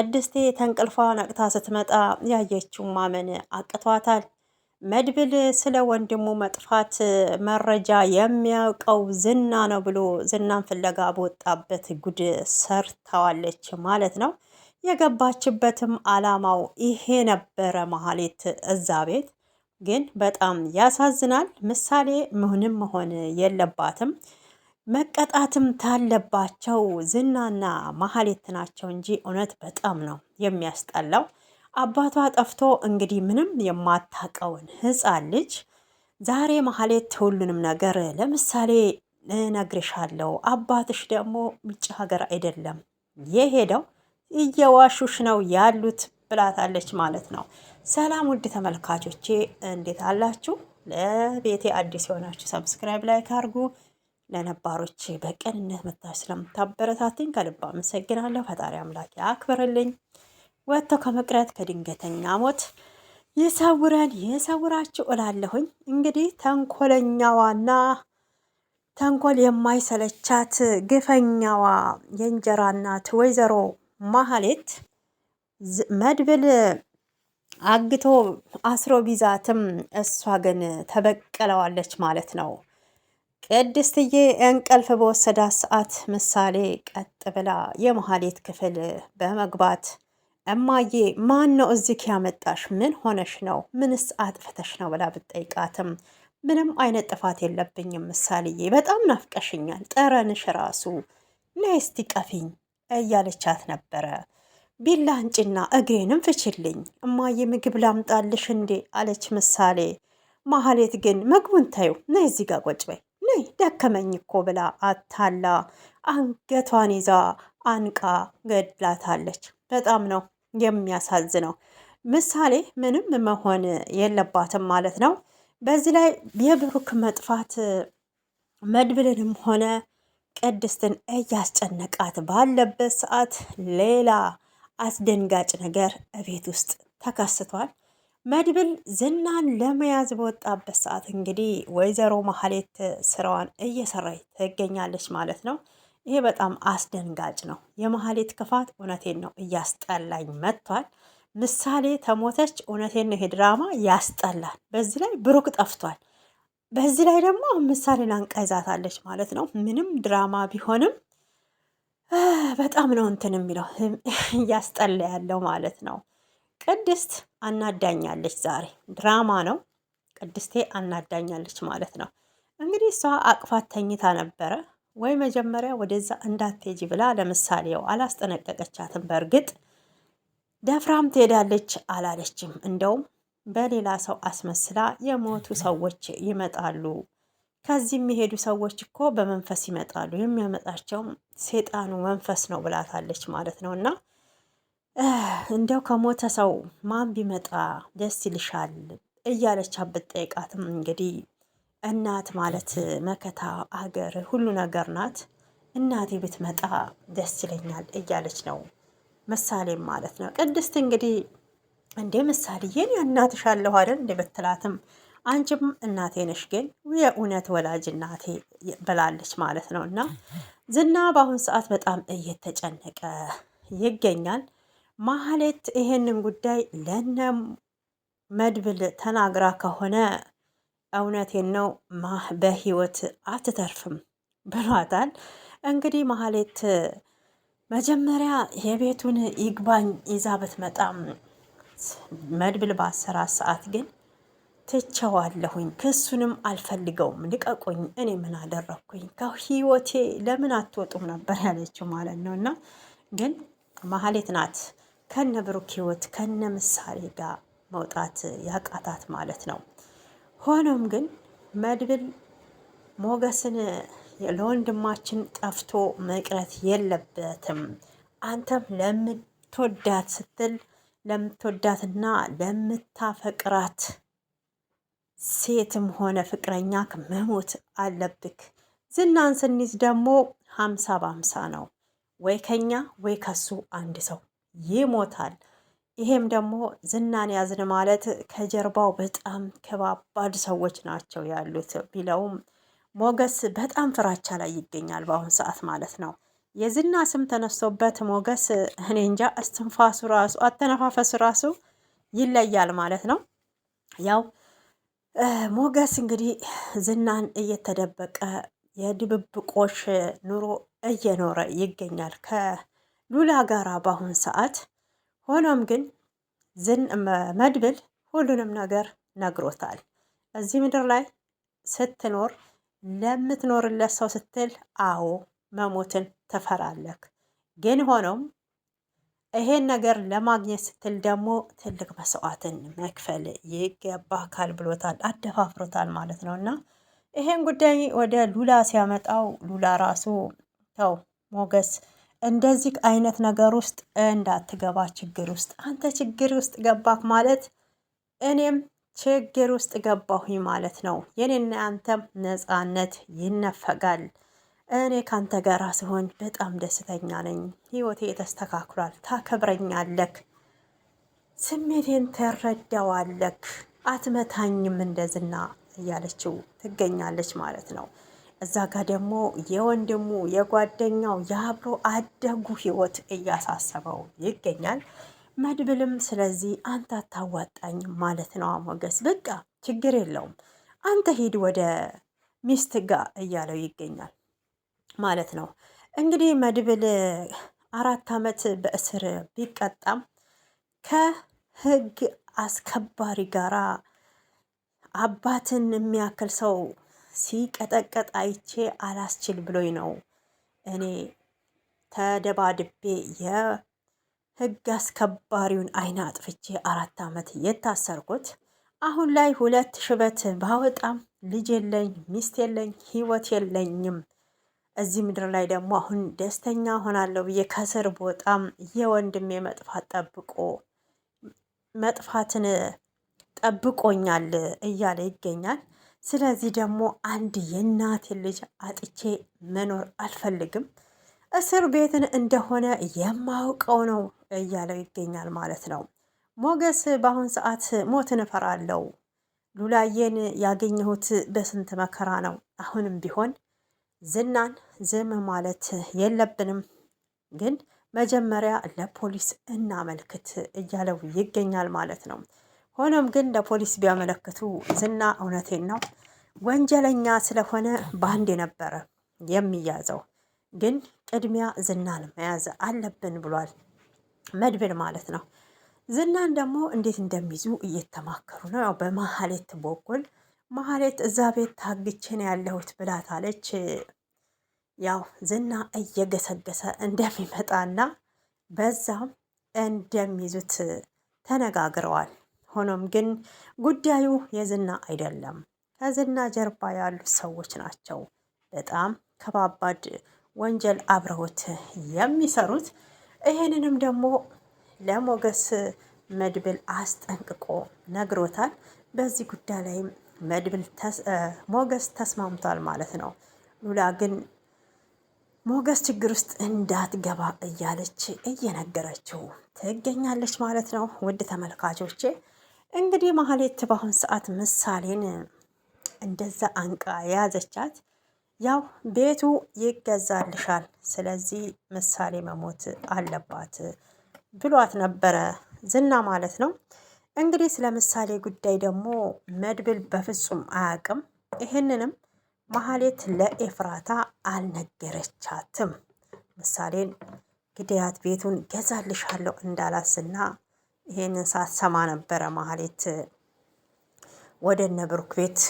ቅድስቴ ተንቅልፏ ነቅታ ስትመጣ ያየችው ማመን አቅቷታል። መድብል ስለ ወንድሙ መጥፋት መረጃ የሚያውቀው ዝና ነው ብሎ ዝናን ፍለጋ በወጣበት ጉድ ሰርታዋለች ማለት ነው። የገባችበትም አላማው ይሄ ነበረ። መሀሌት እዛ ቤት ግን በጣም ያሳዝናል። ምሳሌ ምንም መሆን የለባትም። መቀጣትም ታለባቸው ዝናና መሀሌት ናቸው እንጂ እውነት በጣም ነው የሚያስጠላው። አባቷ ጠፍቶ እንግዲህ ምንም የማታቀውን ህፃን ልጅ ዛሬ መሀሌት ሁሉንም ነገር ለምሳሌ እነግርሻለሁ፣ አባትሽ ደግሞ ውጭ ሀገር አይደለም የሄደው እየዋሹሽ ነው ያሉት ብላታለች ማለት ነው። ሰላም ውድ ተመልካቾቼ እንዴት አላችሁ? ለቤቴ አዲስ የሆናችሁ ሰብስክራይብ፣ ላይክ አድርጉ። ለነባሮች በቀንነት መታች ስለምታበረታትኝ ከልብ አመሰግናለሁ። ፈጣሪ አምላክ ያክብርልኝ። ወጥቶ ከመቅረት ከድንገተኛ ሞት ይሰውረን፣ ይሰውራችሁ እላለሁኝ። እንግዲህ ተንኮለኛዋና ተንኮል የማይሰለቻት ግፈኛዋ የእንጀራ እናት ወይዘሮ ማህሌት መድብል አግቶ አስሮ ቢዛትም እሷ ግን ተበቀለዋለች ማለት ነው። ቅድስትዬ እንቅልፍ በወሰዳት ሰዓት ምሳሌ ቀጥ ብላ የመሀሌት ክፍል በመግባት እማዬ ማን ነው እዚህ ያመጣሽ? ምን ሆነሽ ነው? ምንስ አጥፍተሽ ነው? ብላ ብጠይቃትም ምንም አይነት ጥፋት የለብኝም ምሳሌዬ፣ በጣም ናፍቀሽኛል፣ ጠረንሽ ራሱ ነይ እስቲ ቀፊኝ እያለቻት ነበረ። ቢላ አንጪና እግሬንም ፍችልኝ እማዬ፣ ምግብ ላምጣልሽ እንዴ አለች ምሳሌ። መሀሌት ግን ምግቡን ታዩ፣ ነይ እዚህ ጋር ቁጭ በይ ላይ ደከመኝ እኮ ብላ አታላ አንገቷን ይዛ አንቃ ገድላታለች። በጣም ነው የሚያሳዝነው። ምሳሌ ምንም መሆን የለባትም ማለት ነው። በዚህ ላይ የብሩክ መጥፋት መድብልንም ሆነ ቅድስትን እያስጨነቃት ባለበት ሰዓት ሌላ አስደንጋጭ ነገር እቤት ውስጥ ተከስቷል። መድብል ዝናን ለመያዝ በወጣበት ሰዓት እንግዲህ ወይዘሮ ማህሌት ስራዋን እየሰራች ትገኛለች ማለት ነው። ይሄ በጣም አስደንጋጭ ነው። የማህሌት ክፋት እውነቴን ነው እያስጠላኝ መጥቷል። ምሳሌ ተሞተች፣ እውነቴን ነው ይሄ ድራማ ያስጠላል። በዚህ ላይ ብሩክ ጠፍቷል። በዚህ ላይ ደግሞ ምሳሌን አንቃ ማለት ነው። ምንም ድራማ ቢሆንም በጣም ነው እንትን የሚለው እያስጠላ ያለው ማለት ነው። ቅድስት አናዳኛለች። ዛሬ ድራማ ነው። ቅድስቴ አናዳኛለች ማለት ነው። እንግዲህ እሷ አቅፋት ተኝታ ነበረ ወይ መጀመሪያ ወደዛ እንዳትሄጂ ብላ ለምሳሌው አላስጠነቀቀቻትም። በእርግጥ ደፍራም ትሄዳለች አላለችም። እንደውም በሌላ ሰው አስመስላ የሞቱ ሰዎች ይመጣሉ፣ ከዚህ የሚሄዱ ሰዎች እኮ በመንፈስ ይመጣሉ፣ የሚያመጣቸውም ሴጣኑ መንፈስ ነው ብላታለች ማለት ነው እና እንዲያው ከሞተ ሰው ማን ቢመጣ ደስ ይልሻል እያለች ብትጠይቃትም እንግዲህ እናት ማለት መከታ አገር ሁሉ ነገር ናት፣ እናቴ ብትመጣ ደስ ይለኛል እያለች ነው ምሳሌም ማለት ነው። ቅድስት እንግዲህ እንዴ ምሳሌ እኔ እናትሽ አለሁ አይደል እንደ ብትላትም አንቺም እናቴ ነሽ ግን የእውነት ወላጅ እናቴ ብላለች ማለት ነው። እና ዝና በአሁኑ ሰዓት በጣም እየተጨነቀ ይገኛል። ማህሌት ይሄንን ጉዳይ ለነ መድብል ተናግራ ከሆነ እውነቴን ነው በህይወት አትተርፍም ብሏታል። እንግዲህ ማህሌት መጀመሪያ የቤቱን ይግባኝ ይዛ ብትመጣም መድብል በአሰራ ሰዓት ግን ትቸዋለሁኝ፣ ክሱንም አልፈልገውም፣ ልቀቁኝ፣ እኔ ምን አደረግኩኝ? ከህይወቴ ለምን አትወጡም ነበር ያለችው ማለት ነው። እና ግን ማህሌት ናት ከነ ብሩክ ህይወት ከነ ምሳሌ ጋር መውጣት ያቃታት ማለት ነው። ሆኖም ግን መድብል ሞገስን ለወንድማችን ጠፍቶ መቅረት የለበትም አንተም ለምትወዳት ስትል ለምትወዳትና ለምታፈቅራት ሴትም ሆነ ፍቅረኛክ መሞት አለብክ። ዝናን ስንይዝ ደግሞ ሀምሳ በሀምሳ ነው፣ ወይ ከኛ ወይ ከሱ አንድ ሰው ይሞታል። ይሄም ደግሞ ዝናን ያዝን ማለት ከጀርባው በጣም ከባባድ ሰዎች ናቸው ያሉት ቢለውም ሞገስ በጣም ፍራቻ ላይ ይገኛል በአሁን ሰዓት ማለት ነው። የዝና ስም ተነስቶበት ሞገስ እኔ እንጃ እስትንፋሱ ራሱ አተነፋፈሱ ራሱ ይለያል ማለት ነው። ያው ሞገስ እንግዲህ ዝናን እየተደበቀ የድብብቆሽ ኑሮ እየኖረ ይገኛል ከ ሉላ ጋራ በአሁን ሰዓት። ሆኖም ግን ዝን መድብል ሁሉንም ነገር ነግሮታል። እዚህ ምድር ላይ ስትኖር ለምትኖርለት ሰው ስትል አዎ መሞትን ትፈራለክ። ግን ሆኖም ይሄን ነገር ለማግኘት ስትል ደግሞ ትልቅ መስዋዕትን መክፈል ይገባካል ብሎታል፣ አደፋፍሮታል ማለት ነው። እና ይሄን ጉዳይ ወደ ሉላ ሲያመጣው ሉላ ራሱ ተው ሞገስ እንደዚህ አይነት ነገር ውስጥ እንዳትገባ ችግር ውስጥ አንተ ችግር ውስጥ ገባክ ማለት እኔም ችግር ውስጥ ገባሁኝ ማለት ነው። የኔና አንተም ነፃነት ይነፈጋል። እኔ ካንተ ጋር ሲሆን በጣም ደስተኛ ነኝ። ህይወቴ ተስተካክሏል። ታከብረኛለክ፣ ስሜቴን ተረዳዋለክ፣ አትመታኝም እንደዝና እያለችው ትገኛለች ማለት ነው። እዛ ጋር ደግሞ የወንድሙ የጓደኛው የአብሮ አደጉ ህይወት እያሳሰበው ይገኛል። መድብልም ስለዚህ አንተ አታዋጣኝ ማለት ነው ሞገስ፣ በቃ ችግር የለውም አንተ ሂድ ወደ ሚስት ጋ እያለው ይገኛል ማለት ነው። እንግዲህ መድብል አራት ዓመት በእስር ቢቀጣም ከህግ አስከባሪ ጋራ አባትን የሚያክል ሰው ሲቀጠቀጥ አይቼ አላስችል ብሎኝ ነው እኔ ተደባድቤ የህግ አስከባሪውን አይን አጥፍቼ አራት ዓመት የታሰርኩት። አሁን ላይ ሁለት ሽበት ባወጣም ልጅ የለኝ፣ ሚስት የለኝ፣ ህይወት የለኝም። እዚህ ምድር ላይ ደግሞ አሁን ደስተኛ ሆናለሁ ብዬ ከስር ቦጣም የወንድሜ መጥፋት ጠብቆ መጥፋትን ጠብቆኛል እያለ ይገኛል። ስለዚህ ደግሞ አንድ የእናቴ ልጅ አጥቼ መኖር አልፈልግም። እስር ቤትን እንደሆነ የማውቀው ነው እያለው ይገኛል ማለት ነው። ሞገስ በአሁን ሰዓት ሞትን እፈራለሁ። ሉላዬን ያገኘሁት በስንት መከራ ነው። አሁንም ቢሆን ዝናን ዝም ማለት የለብንም፣ ግን መጀመሪያ ለፖሊስ እናመልክት እያለው ይገኛል ማለት ነው። ሆኖም ግን ለፖሊስ ቢያመለክቱ ዝና እውነቴን ነው ወንጀለኛ ስለሆነ በአንድ የነበረ የሚያዘው ግን ቅድሚያ ዝናን መያዝ አለብን ብሏል መድብል ማለት ነው። ዝናን ደግሞ እንዴት እንደሚይዙ እየተማከሩ ነው። ያው በማህሌት በኩል መሀሌት እዛ ቤት ታግቼ ነው ያለሁት ብላታለች። ያው ዝና እየገሰገሰ እንደሚመጣና በዛም እንደሚይዙት ተነጋግረዋል። ሆኖም ግን ጉዳዩ የዝና አይደለም፣ ከዝና ጀርባ ያሉት ሰዎች ናቸው። በጣም ከባባድ ወንጀል አብረውት የሚሰሩት። ይህንንም ደግሞ ለሞገስ መድብል አስጠንቅቆ ነግሮታል። በዚህ ጉዳይ ላይም መድብል ሞገስ ተስማምቷል ማለት ነው። ሉላ ግን ሞገስ ችግር ውስጥ እንዳትገባ እያለች እየነገረችው ትገኛለች ማለት ነው። ውድ ተመልካቾቼ እንግዲህ ማህሌት በአሁን ሰዓት ምሳሌን እንደዛ አንቃ የያዘቻት ያው ቤቱ ይገዛልሻል፣ ስለዚህ ምሳሌ መሞት አለባት ብሏት ነበረ ዝና ማለት ነው። እንግዲህ ስለ ምሳሌ ጉዳይ ደግሞ መድብል በፍጹም አያውቅም። ይህንንም ማህሌት ለኤፍራታ አልነገረቻትም። ምሳሌን ግዳያት ቤቱን ገዛልሻለሁ እንዳላስና ይሄንን ሳትሰማ ነበረ ማህሌት ወደ እነ ብሩክ ቤት